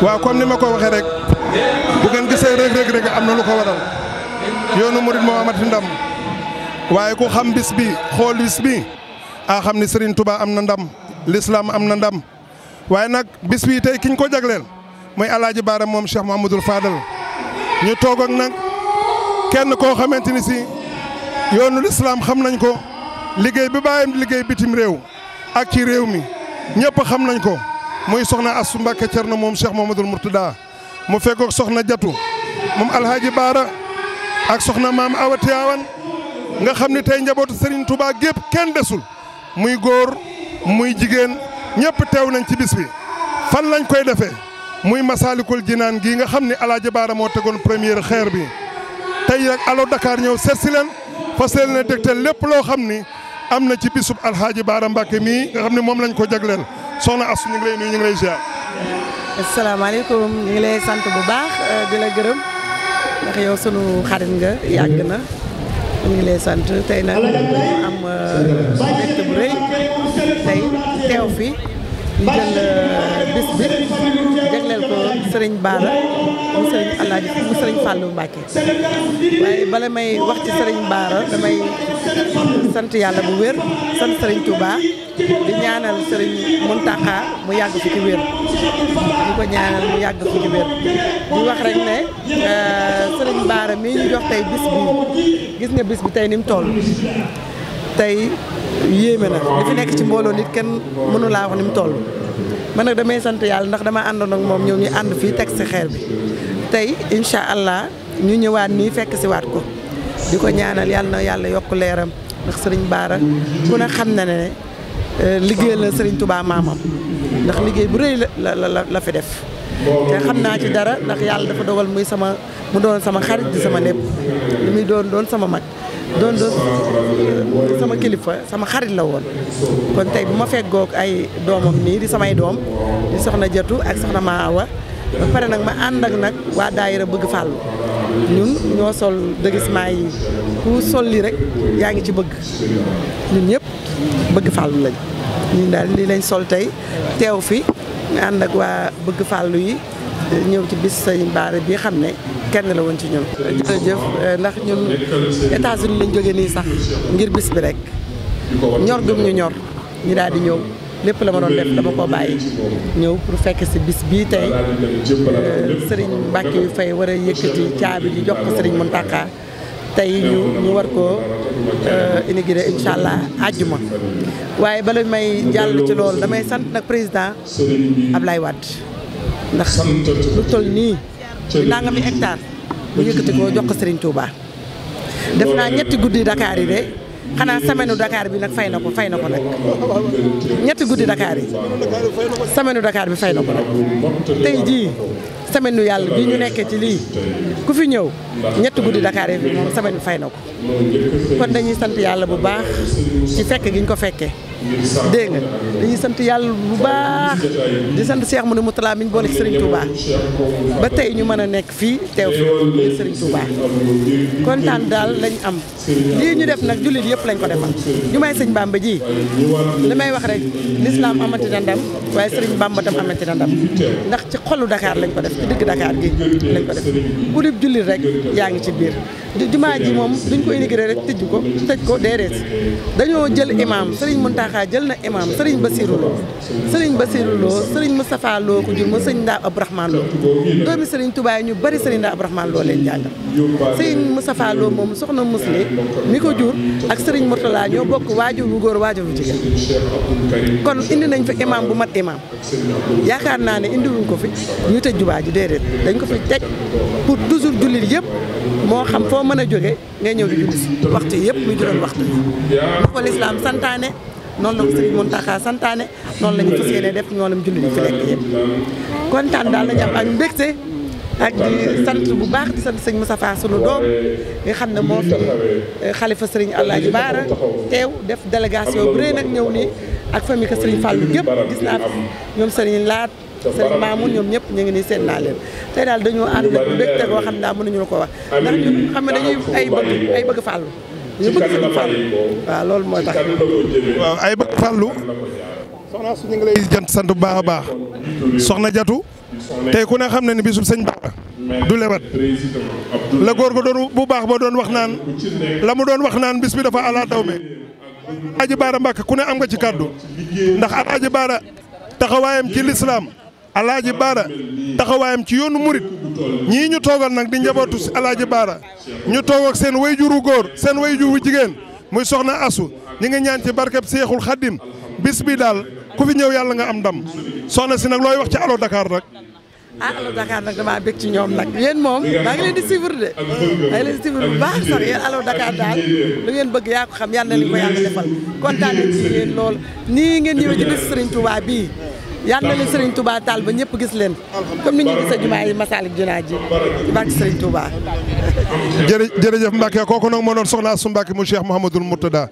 waaw comme ni ma ko waxee rek bu ngeen gisee Reug Reug rek am na lu ko waral yoonu murit moo amati ndam waaye ku xam bis bi xool bis bi a xam ni Serigne tubaa am na ndam l'islam am na ndam waaye nag bis bi tey kiñ ko jagleel mooy alaaji Baara moom Cheikh Mouhamadoul Fadal ñu toog ak kenn koo xamante ni si yoonu l'islam xam nañ ko liggéey bi bàyyam liggéey bitim réew ak ci réew mi ñëpp xam nañ ko muy soxna Asu Mbàkke Cerno moom Cheikh Mamadul Murtada mu fekkook soxna Jatu moom Alhaaji Baara ak soxna maam Awa nga xam ni tey njabootu Serigne tubaab gépp kenn desul muy góor muy jigéen ñëpp teew nañ ci bis bi fan lañ koy defee muy Masaalikul Jinaan gii nga xam ne Alhaaji Baara moo tegoon première xeer bi tey rek alo Dakar ñëw seet si leen fas leen ne dégtal lépp loo xam ni am na ci bisub Alhaaji Baara Mbàkke mii nga xam ne moom lañ ko jagleel soxna Astou ñu ngi lay nuyu ñu ngi lay ziar. asalaamaaleykum ñu lay sant bu baax euh, di la gërëm ndax yow sunu xarit nga yàgg lay sant tey nag am euh, mbégte bu rëy tey teew fi ñu jël euh, bi. sëriñ Baara mu sëriñ Alaaji mu sëriñ Fàllu Mbàkke waaye bala may wax ci sëriñ Baara damay sant yàlla bu wér sant sëriñ Touba di ñaanal sëriñ Muntaxa mu yàgg fi ci wér di ko ñaanal mu yàgg fi ci wér di wax rek ne euh, sëriñ Baara mii ñu tey bis bi gis nga bis bi tey ni tool toll tey yéeme na li nekk ci mbooloo nit kenn mënu laa wax ni mu toll man nag damay sant yàlla ndax dama àndoon ak moom ñëw ñu ànd fii teg si xeer bi tey incha allah ñu ñëwaat nii fekk si waat ko di ko ñaanal yàlla na yàlla yokk leeram ndax sëriñ Baara ku ne xam ne ne euh, liggéey la sëriñ Touba maamam ndax liggéey bu rëy la la la fi def te xam naa ci dara ndax yàlla dafa dogal muy sama mu doon sama xarit di sama lépp li muy doon doon sama mag doon doon sama kilifa sama xarit la woon kon tey bu ma feggoog ay doomam nii di samay doom di soxna Jatu ak soxna Maawa ba pare nag ma ànd ak nag waa daayira bëgg fàllu ñun ñoo sol déguisement yi ku sol li rek yaa ngi ci bëgg ñun ñëpp bëgg fàllu lañ ñun daal lii lañ sol tey teew fi ànd ak waa bëgg fàllu yi ñëw ci bis sañ baare bi xam ne kenn la won ci ñun jërëjëf eh, ndax ñun États-Unis lañ joggé ni sax ngir bis bi rek ñor gum ñu ñor ñu daal di ñew lepp la ma doon def dama ko bayyi ñew pour fekk ci bis bi tay eh, Serigne Mbacke yu fay wara yëkëti ciabi caabi ji jox ko Serigne muntaka tay ñu ñu war ko eh, inauguré incha allah àjjuma waaye bala may jall ci lool damay sant nak président Ablaye wad ndax lu toll ni nangami hectare mu yëkkati ko jox ko Serigne Touba. def naa ñetti guddi Dakar de xanaa semaine dakaar bi nag fay na ko fay na ko nag ñetti guddi Dakar yi semaine Dakar bi fay na ko nag tey jii semaine nu yàlla bi ñu nekkee ci lii ku fi ñëw ñetti guddi Dakar yi moom semaine fay na ko kon dañuy sant yàlla bu baax ci fekk gi ñu ko fekkee. Deng, nga dañuy sant yàlla bu baax di sant Cheikh Mounou Moutala mi ñu boole Serigne Touba ba tey ñu mën a nekk fii Serigne Touba kontaan daal lañ am lii ñu def nag jullit yëpp lañ ko defal ñu may sëñ Bamba ji li may wax rek l'islam amati na ndam waaye Serigne Bamba tam amati na ndam ndax ci xolu Dakar lañ ko def ci digg Dakar gi lañ ko def ku dib rek yaa ngi ci biir jumaa ji moom duñ ko intégré rek tëj ko tëj ko déedéet dañoo jël imam Serigne Mountakha Yaakaar jël na imam Serigne Bassirou Lo Serigne Bassirou Lo Serigne Moustapha Lo ko jur ma Serigne Ndaa Abdourahmane Lo doomi Serigne Touba ñu bari Serigne Ndaa Abdourahmane Lo leen jàngal Serigne Moustapha Lo moom soxna Musli mi ko jur ak Serigne Mourtala ñoo bokk waajur wu góor waajur wu jigéen kon indi nañ fa imam bu mat imam yaakaar naa ne indiwuñ ko fi ñu tëj jubaa ji déedéet dañ ko fi teg pour toujours jullit yëpp moo xam foo mën a jóge ngay ñëw di waxtu yëpp muy juróom waxtu yi ko lislaam santaane noonu la ko Serigne Mountakha santaane noonu la ñu fas yéene def noonu la mu jullit fi nekk yëpp kontaan daal la ñu am ak mbégte ak sant bu baax di sant sëñ Moussa Fall sunu doom nga xam ne moo fi eh, xalifa sëriñ Alaaji Baara teew def bu rëy nag ñëw nii ak famille que sëriñ Fallou gépp gis naa fi ñoom sëriñ Laat sëriñ Mamoun ñoom ñëpp ñu ngi nii seen naa leen tey daal dañoo ànd nag mbégte goo xam ne daal mënuñu la ko wax xam ne dañuy ay bëgg ay bëgg Fallou ci loolu mooy tax waaw ay bëgg fàllu ñu ngi lay jant sant bu baax a baax soxna jatu tey ku ne xam na ni bisu sëñ Ba du lewat la góor ga doon bu baax ba doon wax naan la mu doon wax naan bis bi dafa ala daw me baara mbàkk ku ne am nga ci kàddu ndax alaaji baara taxawaayam ci lislaam alaaji baara taxawaayam ci yoonu murit ñii ñu toogal nag di njabootu alaaji baara ñu toogal ak seen wayjuru góor seen wayjuru jigéen muy soxna asu ñi ngi ñaan ci barkeb seexul xaddim bis bi daal ku fi ñëw yàlla nga am ndam soxna si nag looy wax ci Allo Dakar nag ah Allo Dakar nag damaa bég ci ñoom nag yéen moom maa ngi leen di suivre de maa leen di suivre bu baax sax yéen Allo daal lu ngeen bëgg yaa ko xam yàlla na leen ko yàlla defal kontaan nañ ci yéen yal na leen Serigne Touba taal ba ñëpp gis leen comme ni ñu gisee jumaa yi Masalik Jinaa ji ci barke Serigne Touba. jërëjëf Mbacke kooku nag moo doon soxna su Mbacke mu Cheikh Mouhamadul Mourtada.